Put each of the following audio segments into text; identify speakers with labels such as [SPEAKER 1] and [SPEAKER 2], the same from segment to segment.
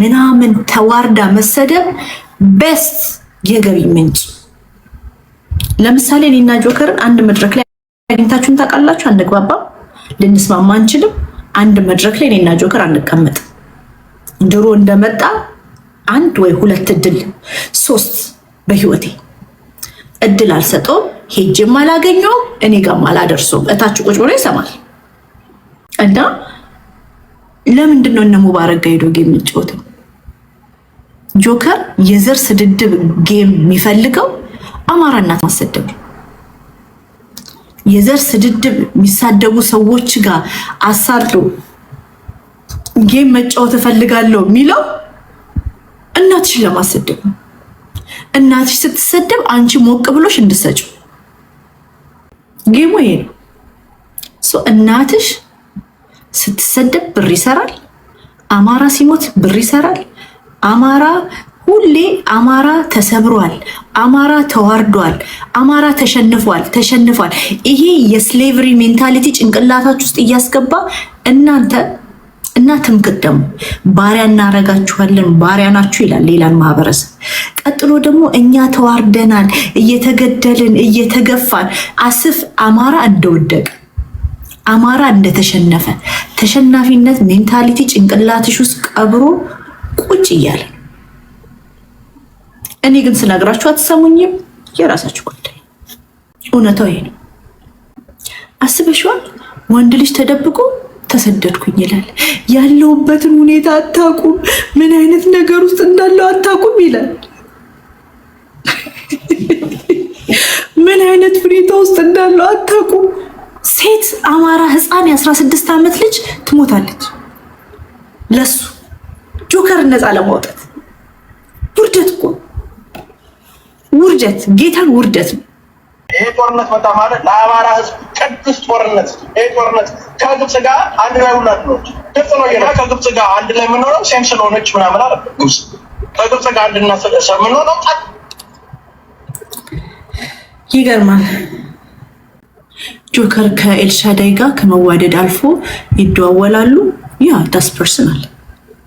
[SPEAKER 1] ምናምን ተዋርዳ መሰደብ ቤስት የገቢ ምንጭ። ለምሳሌ እኔና ጆከርን አንድ መድረክ ላይ አግኝታችሁን ታውቃላችሁ? አንግባባም፣ ልንስማማ አንችልም። አንድ መድረክ ላይ እኔና ጆከር አንቀመጥም። ድሮ እንደመጣ አንድ ወይ ሁለት እድል ሶስት በህይወቴ እድል አልሰጠውም። ሄጅም አላገኘውም። እኔ ጋም አላደርሰውም። እታች ቁጭ ብሎ ይሰማል እና ለምንድን ነው እነ ሙባረክ ጋር ጌም የሚጫወተው? ጆከር የዘር ስድድብ ጌም የሚፈልገው አማራ እናት ማሰደብ የዘር ስድድብ የሚሳደቡ ሰዎች ጋር አሳርዶ ጌም መጫወት እፈልጋለሁ የሚለው እናትሽን ለማሰደብ ነው። እናትሽ ስትሰደብ አንቺ ሞቅ ብሎሽ እንድሰጭው ጌሙ ይሄ ነው። እናትሽ ስትሰደብ ብር ይሰራል። አማራ ሲሞት ብር ይሰራል። አማራ ሁሌ አማራ ተሰብሯል፣ አማራ ተዋርዷል፣ አማራ ተሸንፏል ተሸንፏል። ይሄ የስሌቭሪ ሜንታሊቲ ጭንቅላታችሁ ውስጥ እያስገባ እናንተ እና ትምክት ደግሞ ባሪያ እናረጋችኋለን፣ ባሪያ ናችሁ ይላል ሌላን ማህበረሰብ። ቀጥሎ ደግሞ እኛ ተዋርደናል፣ እየተገደልን እየተገፋን አስፍ አማራ እንደወደቀ አማራ እንደተሸነፈ ተሸናፊነት ሜንታሊቲ ጭንቅላትሽ ውስጥ ቀብሮ ቁጭ እያለ እኔ ግን ስነግራችሁ አትሰሙኝም። የራሳችሁ ጉዳይ። እውነታው ይሄ ነው። አስበሽዋል? ወንድ ልጅ ተደብቆ ተሰደድኩኝ ይላል። ያለውበትን ሁኔታ አታቁም? ምን አይነት ነገር ውስጥ እንዳለው አታቁም ይላል። ምን አይነት ሁኔታ ውስጥ እንዳለው አታቁም? ሴት አማራ ህፃን የ16 ዓመት ልጅ ትሞታለች። ለሱ ጆከር ነፃ ለማውጣት ውርደት እኮ ውርደት፣ ጌታን ውርደት ነው።
[SPEAKER 2] ይህ ጦርነት መጣ ማለት ለአማራ ህዝብ ቅዱስ ጦርነት። ይህ ጦርነት ከግብፅ ጋር አንድ ላይ ሁላት ነው። ግብፅ ነው ና ከግብፅ ጋር አንድ ላይ የምንሆነው ሴም ስለሆነች ምናምን አለ። ግብፅ ከግብፅ ጋር አንድና የምንሆነው
[SPEAKER 1] ይገርማል። ጆከር ከኤልሻዳይ ጋር ከመዋደድ አልፎ ይደዋወላሉ። ያ ዳስ ፐርሰናል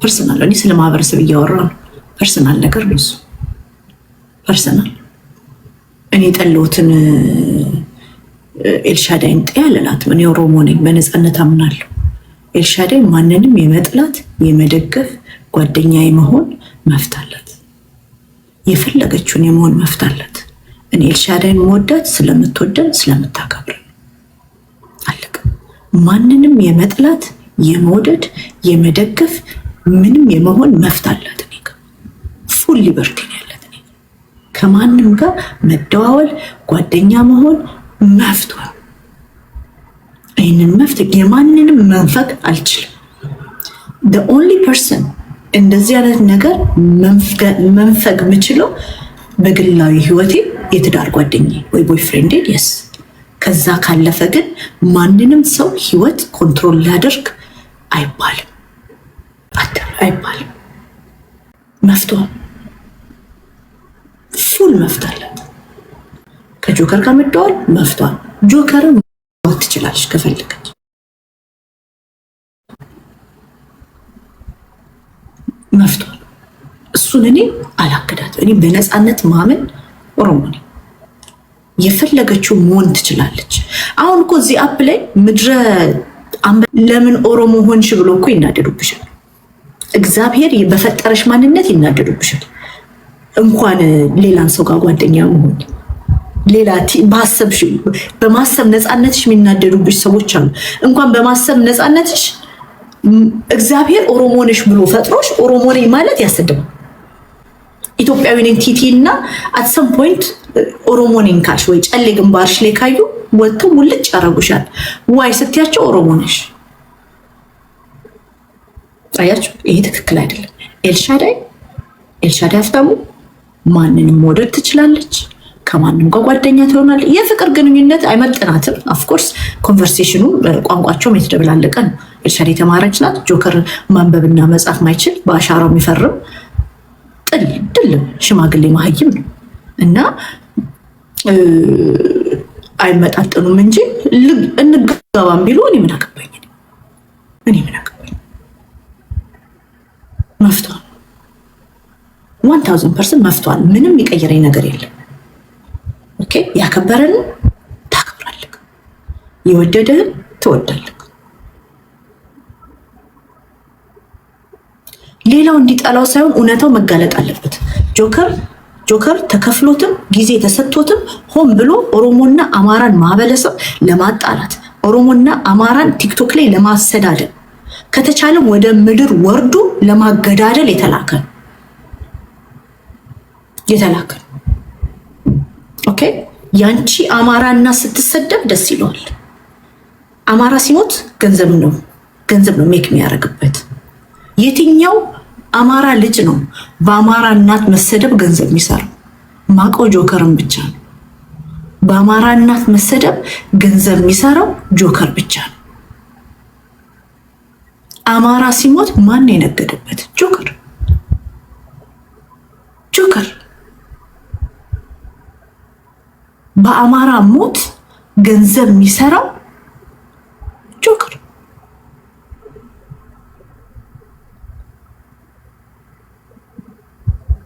[SPEAKER 1] ፐርሰናል። እኔ ስለ ማህበረሰብ እያወራ ነው። ፐርሰናል ነገር ብዙ እሱ ፐርሰናል። እኔ የጠለሁትን ኤልሻዳይን ጤ አልላትም። እኔ ኦሮሞ ነኝ፣ በነፃነት አምናለሁ። ኤልሻዳይ ማንንም የመጥላት የመደገፍ ጓደኛ የመሆን መፍት አላት። የፈለገችውን የመሆን መፍት አላት። እኔ ኤልሻዳይን መወዳት ስለምትወደን ስለምታከ ማንንም የመጥላት የመውደድ የመደገፍ ምንም የመሆን መፍት አላት። እኔ ጋር ፉል ሊበርቲ ነው ያላት። እኔ ከማንም ጋር መደዋወል፣ ጓደኛ መሆን መፍቷ። ይህንን መፍት የማንንም መንፈቅ አልችልም። ኦንሊ ፐርሰን እንደዚህ አይነት ነገር መንፈግ የምችለው በግላዊ ህይወቴ የትዳር ጓደኛዬ ወይ ቦይፍሬንዴን የስ ከዛ ካለፈ ግን ማንንም ሰው ህይወት ኮንትሮል ሊያደርግ አይባልም አይባልም። መፍትሄ ፉል መፍት አላት። ከጆከር ጋር መደዋል መፍቷል። ጆከርን መዋት ትችላለች ከፈለገች። መፍቷል። እሱን እኔ አላክዳት። እኔ በነፃነት ማመን ኦሮሞ ነኝ። የፈለገችው መሆን ትችላለች። አሁን እኮ እዚህ አፕ ላይ ምድረ ለምን ኦሮሞ ሆንሽ ብሎ እኮ ይናደዱብሻል። እግዚአብሔር በፈጠረሽ ማንነት ይናደዱብሻል። እንኳን ሌላን ሰው ጋር ጓደኛ መሆን ሌላ በማሰብ ነፃነትሽ የሚናደዱብሽ ሰዎች አሉ። እንኳን በማሰብ ነፃነትሽ እግዚአብሔር ኦሮሞ ነሽ ብሎ ፈጥሮሽ ኦሮሞ ነኝ ማለት ያሰድባል። ኢትዮጵያዊ ነኝ እና አትሰም ሰም ፖይንት ኦሮሞ ነኝ ካልሽ ወይ ጨሌ ግንባርሽ ላይ ካዩ ወጥተው ሙልጭ ያረጉሻል። ዋይ ስትያቸው ኦሮሞ ነሽ። አያችሁ፣ ይሄ ትክክል አይደለም። ኤልሻዳይ ኤልሻዳይ አፍታሙ ማንንም መውደድ ትችላለች። ከማንም ጋር ጓደኛ ትሆናል። የፍቅር ግንኙነት አይመጥናትም። ኦፍኮርስ ኮንቨርሴሽኑ ቋንቋቸውም የተደብላለቀ ነው። ኤልሻዳይ የተማረች ናት። ጆከር ማንበብና መጻፍ ማይችል በአሻራው የሚፈርም ጥል ድል ሽማግሌ ማህይም ነው እና አይመጣጠኑም እንጂ እንገባም ቢሉ እኔ ምን አገባኝ? እኔ ምን አገባኝ? መፍቷል። ዋን ታውዘንድ ፐርሰንት መፍቷል። ምንም የቀየረኝ ነገር የለም። ኦኬ ያከበረን ታከብራለህ፣ የወደደህን ትወዳለህ። ሌላው እንዲጠላው ሳይሆን እውነታው መጋለጥ አለበት። ጆከር ጆከር ተከፍሎትም ጊዜ ተሰጥቶትም ሆን ብሎ ኦሮሞና አማራን ማህበረሰብ ለማጣላት ኦሮሞና አማራን ቲክቶክ ላይ ለማሰዳደል ከተቻለም ወደ ምድር ወርዶ ለማገዳደል የተላከ የተላከ ኦኬ ያንቺ አማራና ስትሰደብ ደስ ይለዋል። አማራ ሲሞት ገንዘብ ነው ገንዘብ ነው ሜክ የሚያደርግበት የትኛው አማራ ልጅ ነው በአማራ እናት መሰደብ ገንዘብ የሚሰራው ማቀው ጆከርን ብቻ ነው። በአማራ እናት መሰደብ ገንዘብ የሚሰራው ጆከር ብቻ ነው። አማራ ሲሞት ማን የነገደበት? ጆከር ጆከር። በአማራ ሞት ገንዘብ የሚሰራው ጆከር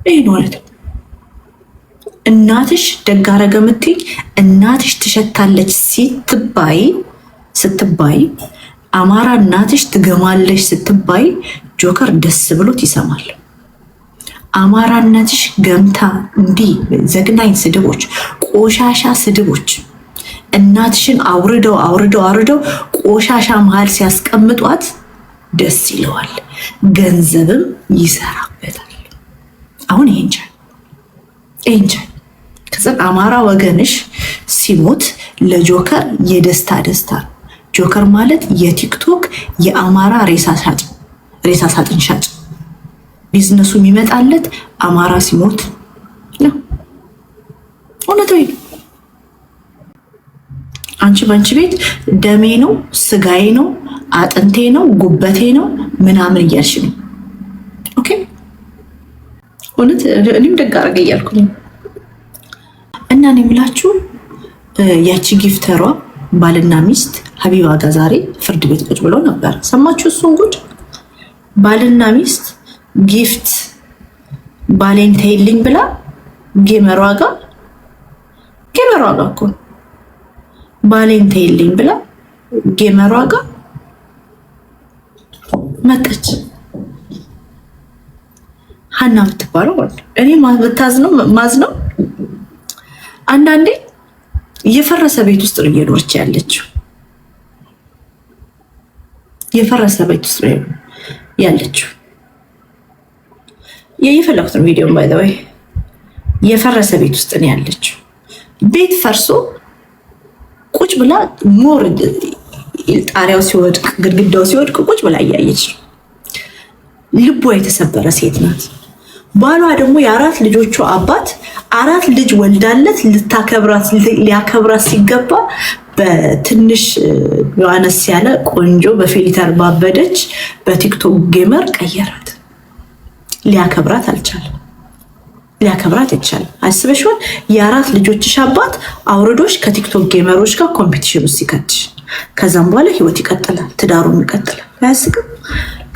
[SPEAKER 1] ይህ ማለት ነው። እናትሽ ደግ አደረገ የምትይኝ እናትሽ ትሸታለች ሲትባይ ስትባይ አማራ እናትሽ ትገማለች ስትባይ ጆከር ደስ ብሎት ይሰማል። አማራ እናትሽ ገምታ እንዲህ ዘግናኝ ስድቦች፣ ቆሻሻ ስድቦች እናትሽን አውርደው አውርደው አውርደው ቆሻሻ መሀል ሲያስቀምጧት ደስ ይለዋል። ገንዘብም ይሰራበታል። አሁን ይሄን ቻል ይሄን ቻል ከዛም አማራ ወገንሽ ሲሞት ለጆከር የደስታ ደስታ ነው። ጆከር ማለት የቲክቶክ የአማራ ሬሳ ሳጥን ሻጭ ቢዝነሱ የሚመጣለት አማራ ሲሞት ነው። እውነት ወይ? አንቺ በአንቺ ቤት ደሜ ነው ስጋዬ ነው አጥንቴ ነው ጉበቴ ነው ምናምን እያልሽ ነው እውነት እኔም ደግ አደረገ እያልኩኝ እና እኔ የምላችሁ ያቺ ጊፍተሯ ባልና ሚስት ሀቢባ ጋር ዛሬ ፍርድ ቤት ቁጭ ብለው ነበር። ሰማችሁ? እሱን ጉድ ባልና ሚስት ጊፍት ባሌን ተይልኝ ብላ ጌመሯ ጋር ጌመሯ ጋር እኮ ባሌን ተይልኝ ብላ ጌመሯ ጋር መጣች። ሀና የምትባለው ማለት ነው። እኔ የምታዝነው ማዝነው አንዳንዴ የፈረሰ ቤት ውስጥ ነው እየኖረች ያለችው። የፈረሰ ቤት ውስጥ ነው ያለችው። የፈለኩት ነው ቪዲዮ ባይ ወይ የፈረሰ ቤት ውስጥ ነው ያለችው። ቤት ፈርሶ ቁጭ ብላ ሞር ጣሪያው ሲወድቅ፣ ግድግዳው ሲወድቅ ቁጭ ብላ እያየች ነው። ልቧ የተሰበረ ሴት ናት። ባሏ ደግሞ የአራት ልጆቹ አባት አራት ልጅ ወልዳለት ልታከብራት ሊያከብራት ሲገባ በትንሽ አነስ ያለ ቆንጆ በፊሊተር ባበደች በቲክቶክ ጌመር ቀየራት። ሊያከብራት አልቻለም። ሊያከብራት አልቻለም። አስበሽውን የአራት ልጆችሽ አባት አውርዶች ከቲክቶክ ጌመሮች ጋር ኮምፒቲሽን ውስጥ ይከትሽ። ከዛም በኋላ ህይወት ይቀጥላል፣ ትዳሩም ይቀጥላል። አያስቅም?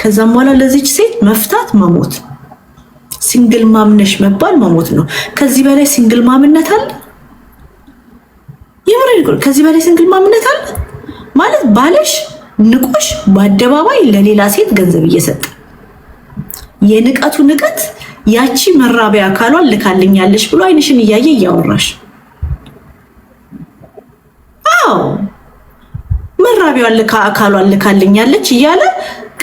[SPEAKER 1] ከዛም በኋላ ለዚች ሴት መፍታት መሞት ነው። ሲንግል ማምነሽ መባል መሞት ነው። ከዚህ በላይ ሲንግል ማምነት አለ? የምር ከዚህ በላይ ሲንግል ማምነት አለ ማለት ባለሽ ንቆሽ በአደባባይ ለሌላ ሴት ገንዘብ እየሰጠ የንቀቱ ንቀት ያቺ መራቢያ አካሏን ልካልኛለሽ ብሎ አይንሽን እያየ እያወራሽ አዎ መራቢያዋን ልካ አካሏን ልካልኛለች እያለ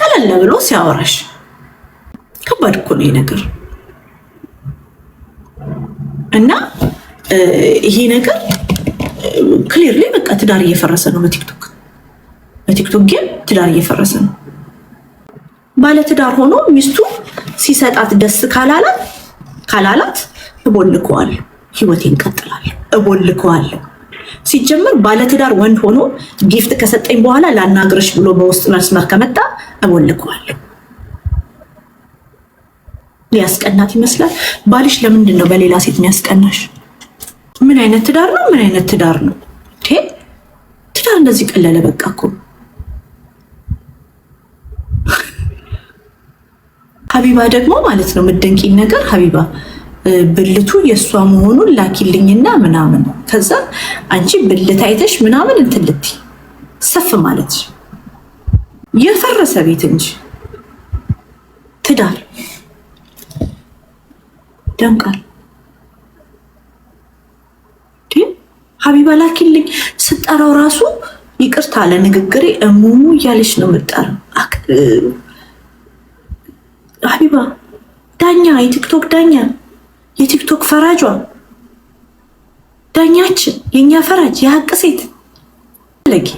[SPEAKER 1] ቀለል ብሎ ሲያወራሽ ከባድ እኮ ነው ይሄ ነገር። እና ይሄ ነገር ክሊርሊ በቃ ትዳር እየፈረሰ ነው። በቲክቶክ በቲክቶክ ግን ትዳር እየፈረሰ ነው። ባለትዳር ሆኖ ሚስቱ ሲሰጣት ደስ ካላላት ካላላት እቦልከዋለሁ፣ ህይወቴን እቀጥላለሁ፣ እቦልከዋለሁ። ሲጀመር ባለትዳር ወንድ ሆኖ ጊፍት ከሰጠኝ በኋላ ላናግርሽ ብሎ በውስጥ መስመር ከመጣ እቦልከዋለሁ። ሊያስቀናት ይመስላል። ባልሽ ለምንድን ነው በሌላ ሴት የሚያስቀናሽ? ምን አይነት ትዳር ነው? ምን አይነት ትዳር ነው? ትዳር እንደዚህ ቀለለ። በቃ እኮ ሀቢባ ደግሞ ማለት ነው ምደንቂን ነገር ሀቢባ ብልቱ የእሷ መሆኑን ላኪልኝና ምናምን ከዛ አንቺ ብልት አይተሽ ምናምን እንትን ልትይ ሰፍ ማለት የፈረሰ ቤት እንጂ ትዳር ይደምቃል። ሀቢባ ላኪልኝ ስጠራው ራሱ ይቅርታ ለንግግሬ እሙሙ እያለች ነው የምጠራው። ሀቢባ ዳኛ፣ የቲክቶክ ዳኛ፣ የቲክቶክ ፈራጇ ዳኛችን፣ የእኛ ፈራጅ፣ የሀቅ ሴት ለጊ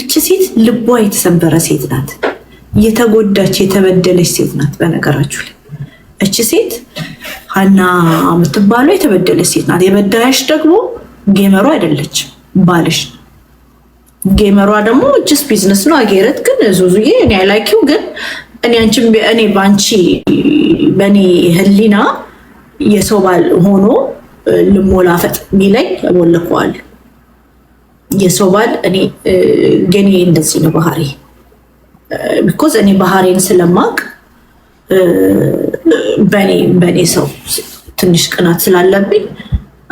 [SPEAKER 1] እች ሴት ልቧ የተሰበረ ሴት ናት። የተጎዳች የተበደለች ሴት ናት። በነገራችሁ ላይ እቺ ሴት ሀና የምትባለው የተበደለ ሴት ናት። የበዳያሽ ደግሞ ጌመሯ አይደለች ባልሽ። ጌመሯ ደግሞ እችስ ቢዝነስ ነው አገረት ግን ዙዙዬ እኔ አይላኪው ግን እኔ አንቺ እኔ ባንቺ በእኔ ህሊና የሰው ባል ሆኖ ልሞላፈጥ ሚለኝ ሞልከዋል። የሰው ባል እኔ ገኔ እንደዚህ ነው ባህሪ ቢኮዝ እኔ ባህሬን ስለማቅ በእኔ በእኔ ሰው ትንሽ ቅናት ስላለብኝ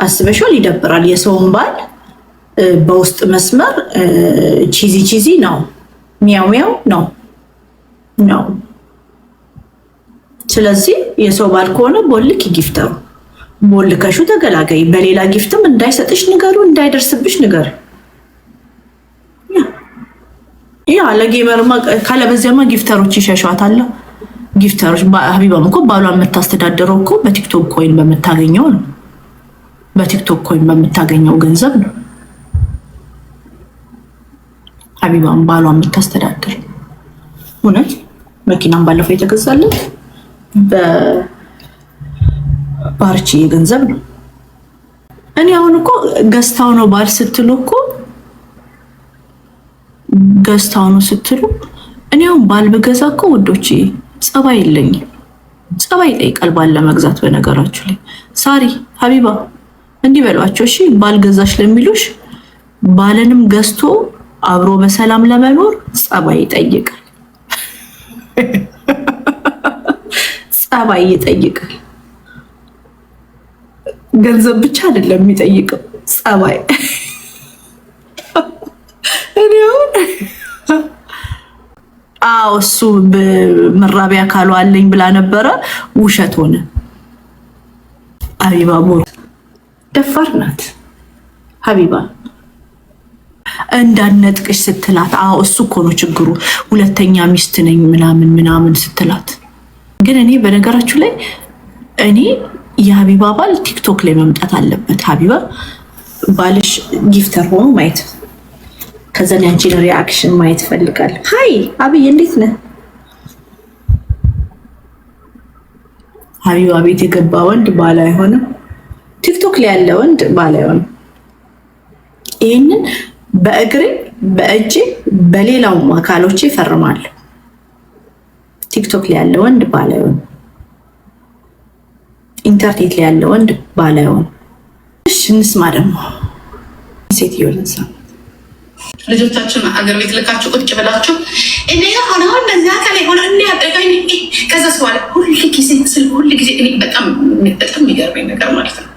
[SPEAKER 1] አስበሽዋል። ይደብራል። የሰውን ባል በውስጥ መስመር ቺዚ ቺዚ ነው ሚያው ሚያው ነው ነው። ስለዚህ የሰው ባል ከሆነ ቦልክ ይጊፍተሩ ቦልከሹ ተገላገይ። በሌላ ጊፍትም እንዳይሰጥሽ ንገሩ፣ እንዳይደርስብሽ ንገር። ያ ለጌመርማ ካለበዚያማ ጊፍተሮች ይሸሿታል። ጊፍተሮች ሀቢባም እኮ ባሏ የምታስተዳደረው እኮ በቲክቶክ ኮይን በምታገኘው ነው። በቲክቶክ ኮይን በምታገኘው ገንዘብ ነው ሀቢባም ባሏ የምታስተዳድር። እውነት መኪናም ባለፈው የተገዛለት በባርቺ ገንዘብ ነው። እኔ አሁን እኮ ገዝታው ነው ባል ስትሉ እኮ ገዝታው ነው ስትሉ እኔ አሁን ባል ብገዛ እኮ ውዶች ጸባይ የለኝም። ጸባይ ይጠይቃል ባል ለመግዛት። በነገራችሁ ላይ ሳሪ ሀቢባ እንዲህ በሏቸው እሺ። ባል ገዛሽ ለሚሉሽ ባልንም ገዝቶ አብሮ በሰላም ለመኖር ጸባይ ይጠይቃል። ጸባይ ይጠይቃል። ገንዘብ ብቻ አይደለም የሚጠይቀው ጸባይ እኔ አዎ እሱ መራቢያ አካሉ አለኝ ብላ ነበረ። ውሸት ሆነ። ሀቢባ ሞት ደፋር ናት። ሀቢባ እንዳነጥቅሽ ስትላት፣ አዎ እሱ እኮ ነው ችግሩ፣ ሁለተኛ ሚስት ነኝ ምናምን ምናምን ስትላት፣ ግን እኔ በነገራችሁ ላይ እኔ የሀቢባ ባል ቲክቶክ ላይ መምጣት አለበት። ሀቢባ ባልሽ ጊፍተር ሆኖ ማየት ከዛ ያንቺን ሪአክሽን ማየት ፈልጋል። ሀይ አብይ እንዴት ነህ? ሀቢባ ቤት የገባ ወንድ ባል አይሆንም። ቲክቶክ ላይ ያለ ወንድ ባል አይሆንም። ይህንን በእግሬ በእጄ በሌላውም አካሎቼ ፈርማለሁ። ቲክቶክ ላይ ያለ ወንድ ባል አይሆንም። ኢንተርኔት ላይ ያለ ወንድ ባል አይሆንም። እሺ እንስማ ደግሞ ሴትዮ ልንሳ ልጆቻችን አገር ቤት ልካችሁ ቁጭ ብላችሁ እኔ ሆነ በዛ ከ ሆነ እኔ ያጠቀኝ ከዛ በኋላ ሁሉ ጊዜ ስል ሁሉ ጊዜ እኔ በጣም በጣም የሚገርመኝ ነገር ማለት ነው።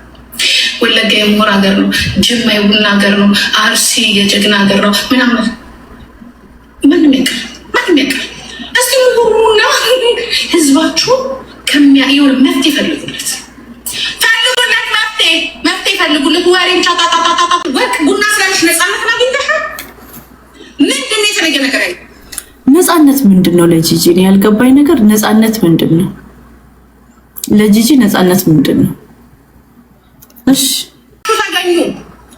[SPEAKER 1] ወለጋ የምሁር ሀገር ነው። ጅማ የቡና ሀገር ነው። አርሲ የጀግና ሀገር ነው። ምናምን ምንም ያቀር ምንም ያቀር እስቲ ምሁሩና ህዝባችሁ ከሚያየውን መፍት ይፈልጉለት ፈልጉለት መፍት መፍት ይፈልጉለት ወሬም ቻጣጣጣጣ ወርቅ ቡና ስላለች ነጻነት የተለየ ነገር አይ ነፃነት ምንድን ነው ለጂጂ? እኔ ያልገባኝ ነገር ነፃነት ምንድን ነው ለጂጂ? ነፃነት ምንድን ነው? እሺ ታገኙ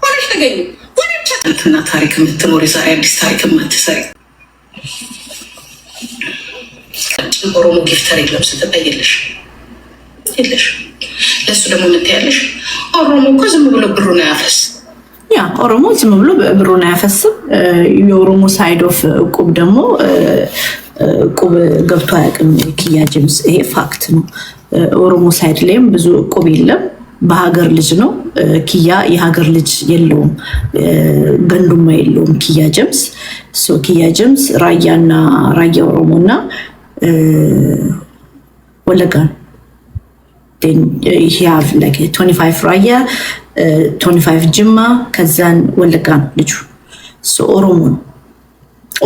[SPEAKER 1] ወሬሽ ተገኙ ወሬሽ ተንትና ታሪክ የምትኖሪ ዛሬ አዲስ ታሪክ የምትሰሪ ኦሮሞ ጊፍተር የለም ስትጠይ የለሽ የለሽ ለእሱ ደግሞ የምትያለሽ ኦሮሞ እኮ ዝም ብሎ ብሩን ያፈስ ያ ኦሮሞ ዝም ብሎ ብሩን አያፈስም። የኦሮሞ ሳይድ ኦፍ እቁብ ደግሞ እቁብ ገብቶ አያውቅም። ኪያ ጀምስ ይሄ ፋክት ነው። ኦሮሞ ሳይድ ላይም ብዙ እቁብ የለም። በሀገር ልጅ ነው። ኪያ የሀገር ልጅ የለውም፣ ገንዱማ የለውም። ኪያ ጀምስ ኪያ ጀምስ ራያና ራያ ኦሮሞና ወለጋ ነው ሀቭ ላይክ uh, ራያ ቶኒፋይቭ ጅማ ከዛን ወለጋ ነው ልጁ። ኦሮሞ ነው።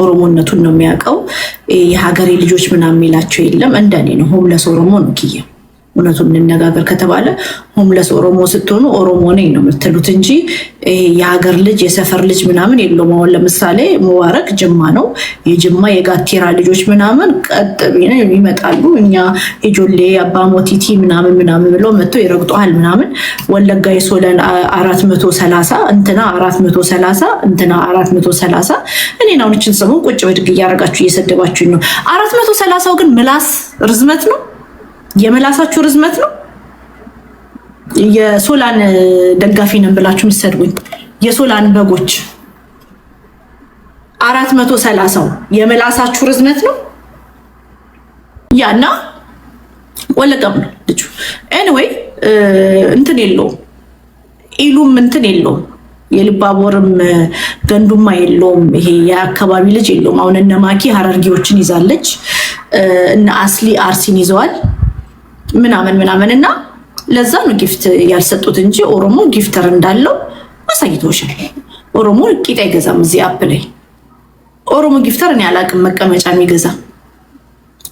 [SPEAKER 1] ኦሮሞነቱን ነው የሚያውቀው። የሀገሬ ልጆች ምናምን የሚላቸው የለም። እንደኔ ነው። ሆምለስ ኦሮሞ ነው ኪያ እውነቱን እንነጋገር ከተባለ ሆምለስ ኦሮሞ ስትሆኑ ኦሮሞ ነኝ ነው የምትሉት እንጂ የሀገር ልጅ የሰፈር ልጅ ምናምን የለውም። አሁን ለምሳሌ ሙባረክ ጅማ ነው። የጅማ የጋቴራ ልጆች ምናምን ቀጥ ይመጣሉ። እኛ የጆሌ አባሞቲቲ ምናምን ምናምን ብለው መጥቶ ይረግጠሃል ምናምን። ወለጋ የሶለን አራት መቶ ሰላሳ እንትና አራት መቶ ሰላሳ እንትና አራት መቶ ሰላሳ እኔን አሁን ሰሞን ቁጭ በድግ እያረጋችሁ እየሰደባችሁኝ ነው። አራት መቶ ሰላሳው ግን ምላስ ርዝመት ነው የመላሳችሁ ርዝመት ነው። የሶላን ደጋፊ ነን ብላችሁ የምትሰድቡኝ የሶላን በጎች አራት መቶ ሰላሳው የመላሳችሁ ርዝመት ነው። ያና ወለቀም ልጁ ኤኒዌይ እንትን የለውም ኢሉም እንትን የለውም የልባቦርም ገንዱማ የለውም። ይሄ የአካባቢ ልጅ የለውም። አሁን እነ ማኪ ሀረርጌዎችን ይዛለች፣ እነ አስሊ አርሲን ይዘዋል። ምናምን ምናምን እና ለዛ ነው ጊፍት ያልሰጡት እንጂ ኦሮሞ ጊፍተር እንዳለው አሳይቶሻል። ኦሮሞ ቂጥ አይገዛም። እዚህ አፕ ላይ ኦሮሞ ጊፍተር እኔ አላቅም መቀመጫ የሚገዛ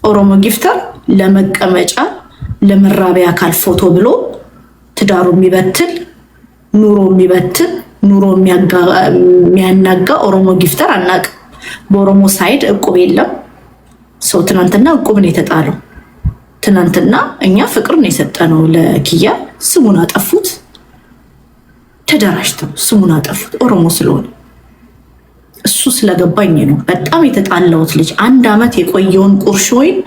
[SPEAKER 1] ኦሮሞ ጊፍተር ለመቀመጫ ለመራቢያ አካል ፎቶ ብሎ ትዳሩ የሚበትል ኑሮ የሚበትል ኑሮ የሚያናጋ ኦሮሞ ጊፍተር አናቅም። በኦሮሞ ሳይድ እቁብ የለም። ሰው ትናንትና እቁብ ነው የተጣለው። ትናንትና እኛ ፍቅርን የሰጠነው ለኪያ ስሙን አጠፉት። ተደራጅተው ስሙን አጠፉት። ኦሮሞ ስለሆነ እሱ ስለገባኝ ነው በጣም የተጣላሁት ልጅ አንድ ዓመት የቆየውን ቁርሾይን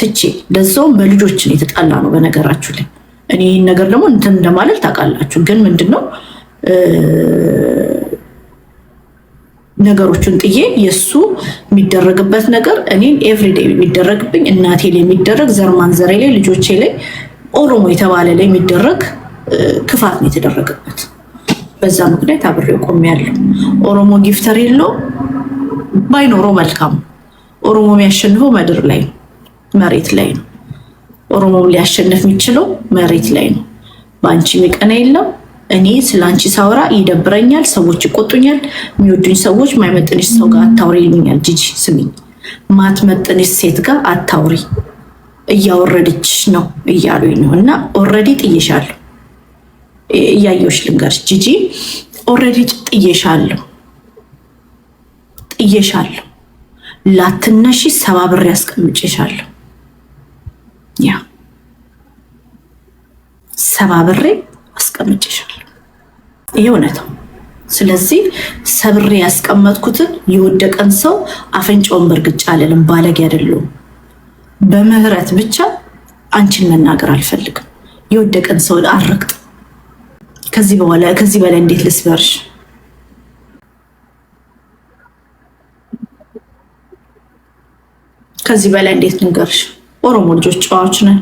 [SPEAKER 1] ትቼ ለዛውም በልጆች የተጣላ ነው። በነገራችሁ ላይ እኔ ይህን ነገር ደግሞ እንትን እንደማለል ታውቃላችሁ። ግን ምንድን ነው ነገሮቹን ጥዬ የእሱ የሚደረግበት ነገር እኔን ኤቭሪዴ የሚደረግብኝ እናቴ ላይ የሚደረግ ዘር ማንዘሬ ላይ ልጆቼ ላይ ኦሮሞ የተባለ ላይ የሚደረግ ክፋት ነው የተደረገበት። በዛ ምክንያት አብሬው ቆሜያለሁ። ኦሮሞ ጊፍተር የለው ባይኖረው መልካም። ኦሮሞ የሚያሸንፈው ምድር ላይ ነው፣ መሬት ላይ ነው። ኦሮሞ ሊያሸንፍ የሚችለው መሬት ላይ ነው። በአንቺ የሚቀና የለም እኔ ስለ አንቺ ሳውራ ይደብረኛል፣ ሰዎች ይቆጡኛል፣ የሚወዱኝ ሰዎች ማይመጥንሽ ሰው ጋር አታውሪ ይሉኛል። ጂጂ ስሚኝ፣ ማትመጥንሽ ሴት ጋር አታውሪ እያወረደች ነው እያሉኝ ነው። እና ኦልሬዲ ጥዬሻለሁ፣ እያየሁሽ ልንገርሽ ጂጂ፣ ኦልሬዲ ጥዬሻለሁ፣ ጥዬሻለሁ፣ ላትነሺ ሰባብሬ አስቀምጬሻለሁ፣ ያ ሰባብሬ አስቀምጬሻለሁ። ይህ እውነት ነው። ስለዚህ ሰብሬ ያስቀመጥኩትን የወደቀን ሰው አፍንጫውን በእርግጫ አልልም። ባለጌ አይደለሁም። በምህረት ብቻ አንቺን መናገር አልፈልግም። የወደቀን ሰውን አረግጥ። ከዚህ በኋላ ከዚህ በላይ እንዴት ልስበርሽ? ከዚህ በላይ እንዴት ንገርሽ? ኦሮሞ ልጆች ጨዋዎች ነን።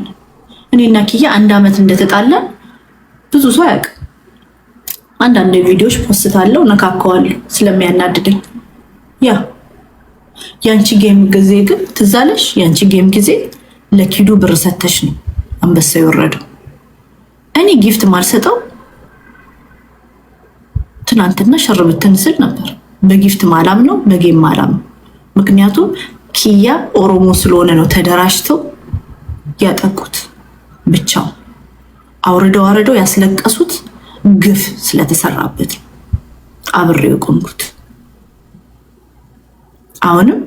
[SPEAKER 1] እኔና ኪያ አንድ አመት እንደተጣለን ብዙ ሰው ያውቅ አንዳንድ ቪዲዮዎች ፖስታለሁ፣ ነካከዋለሁ ስለሚያናድደኝ። ያ የአንቺ ጌም ጊዜ ግን ትዝ አለሽ? የአንቺ ጌም ጊዜ ለኪዱ ብር ሰተሽ ነው አንበሳ የወረደው። እኔ ጊፍት ማልሰጠው ትናንትና ሸር ስል ነበር። በጊፍት ማላም ነው በጌም ማላም ነው። ምክንያቱም ኪያ ኦሮሞ ስለሆነ ነው ተደራጅተው ያጠቁት። ብቻው አውርደው አውርደው ያስለቀሱት ግፍ ስለተሰራበት አብሬው የቆምኩት። አሁንም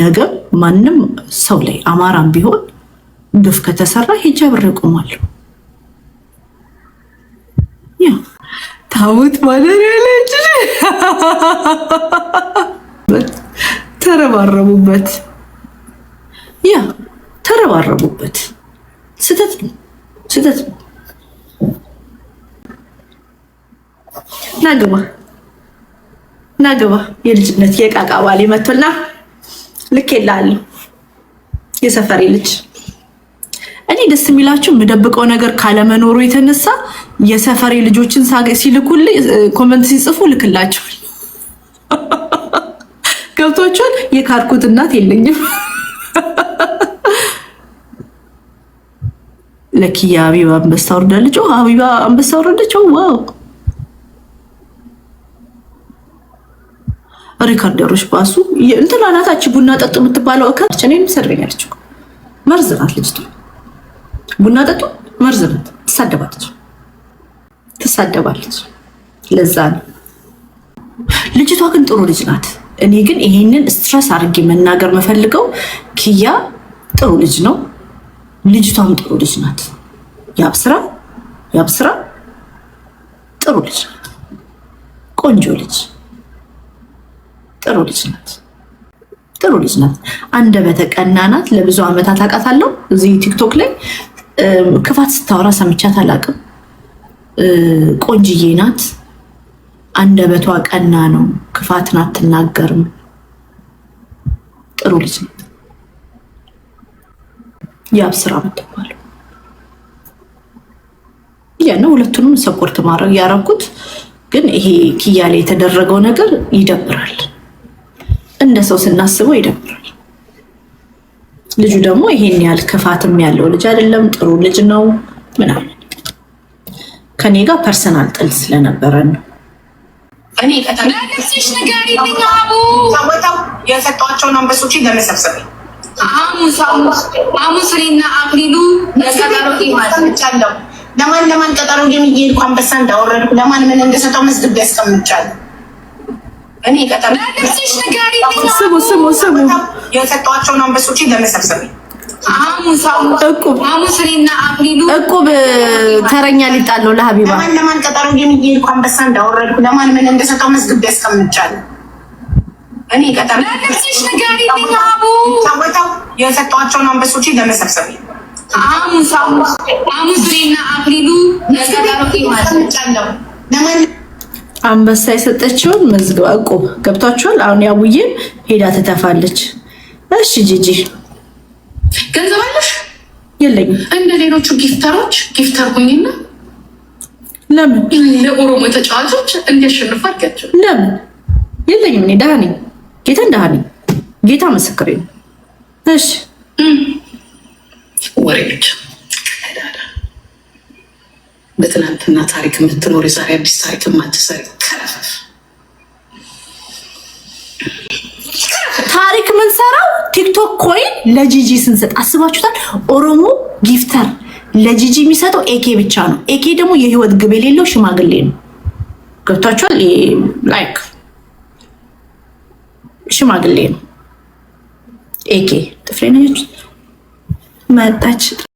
[SPEAKER 1] ነገም ማንም ሰው ላይ አማራም ቢሆን ግፍ ከተሰራ ሄጄ አብሬ ቆማለሁ። ታቦት ማደሪያ ላይ ተረባረቡበት፣ ያ ተረባረቡበት። ስህተት ነው፣ ስህተት ነው። ናግባ ናግባ የልጅነት የቃቃ ባሌ መቶና ልክ የላለሁ የሰፈሬ ልጅ እኔ ደስ የሚላችሁ የምደብቀው ነገር ካለመኖሩ የተነሳ የሰፈሬ ልጆችን ሲልኩልኝ ኮመንት ሲጽፉ ልክላቸዋል። ገብቶቹን የካርኩት እናት የለኝም። ለኪያ ሀቢባ አንበሳ ወርዳለች። አቢባ አንበሳ ወረደች። ዋው ሪከርደሮች ባሱ እንትን አናታች ቡና ጠጡ የምትባለው እከብች እኔንም ሰድበኛለች። መርዝ ናት ልጅቷ። ቡና ጠጡ መርዝ ናት። ትሳደባለች ትሳደባለች። ለዛ ነው ልጅቷ ግን ጥሩ ልጅ ናት። እኔ ግን ይሄንን ስትረስ አድርጌ መናገር መፈልገው ኪያ ጥሩ ልጅ ነው። ልጅቷም ጥሩ ልጅ ናት። ያብስራ ያብስራ ጥሩ ልጅ ናት። ቆንጆ ልጅ ጥሩ ልጅ ናት። ጥሩ ልጅ ናት። አንደበተ ቀና ናት። ለብዙ ዓመታት አውቃታለሁ። እዚህ ቲክቶክ ላይ ክፋት ስታወራ ሰምቻት አላውቅም። ቆንጅዬ ናት። አንደበቷ ቀና ነው። ክፋትን አትናገርም። ጥሩ ልጅ ናት። ያብ ስራ ምትባለው ያነ ሁለቱንም ሰፖርት ማድረግ ያረኩት ግን ይሄ ኪያ ላይ የተደረገው ነገር ይደብራል። እንደ ሰው ስናስበው ይደብራል። ልጁ ደግሞ ይሄን ያህል ክፋትም ያለው ልጅ አይደለም፣ ጥሩ ልጅ ነው ምናምን። ከኔ ጋር ፐርሰናል ጥል ስለነበረ ነው። ለነፍስሽ ንገሪልኝ አቡ። የሰጧቸውን አንበሶች ለመሰብሰብ አክሊሉ ለማን ለማን ቀጠሮ አንበሳ እንዳወረድኩ ለማን ምን እንደሰጠው መዝግብ ያስቀምጫለሁ እኔ ቀጠር ስሙ አንበሶች ለመሰብሰብ እቁብ ተረኛ ሊጣል ነው። ለሀቢባ ለማን ለማን ቀጠሮ የሚሄድኩ አንበሳ እንዳወረድኩ ለማን ምን እንደሰጠው መዝግቤ አስቀምጫለሁ። እኔ ቀጠር የሰጧቸውን አንበሶች ለመሰብሰብ አሙስ እኔና አክሊሉ ለማን አንበሳ የሰጠችውን መዝግባ እቁብ ገብቷችኋል። አሁን ያውዬም ሄዳ ትተፋለች። እሺ ጂጂ ገንዘብ አለሽ? የለኝም። እንደ ሌሎቹ ጊፍተሮች ጊፍተር ሁኝና ለምን ለኦሮሞ ተጫዋቾች እንዲያሸንፉ አድርጋቸው። ለምን የለኝም። እኔ ደሃ ነኝ፣ ጌታን ደሃ ነኝ። ጌታ ምስክሬ ነው። እሺ ወሬ ብቻ በትናንትና ታሪክ የምትኖር የዛሬ አዲስ ታሪክ ማትሰሪ ታሪክ የምንሰራው ቲክቶክ ኮይን ለጂጂ ስንሰጥ አስባችሁታል። ኦሮሞ ጊፍተር ለጂጂ የሚሰጠው ኤኬ ብቻ ነው። ኤኬ ደግሞ የህይወት ግብ የሌለው ሽማግሌ ነው። ገብቷችኋል? ላይክ ሽማግሌ ነው ኤኬ። ጥፍሬ ነች መጣች።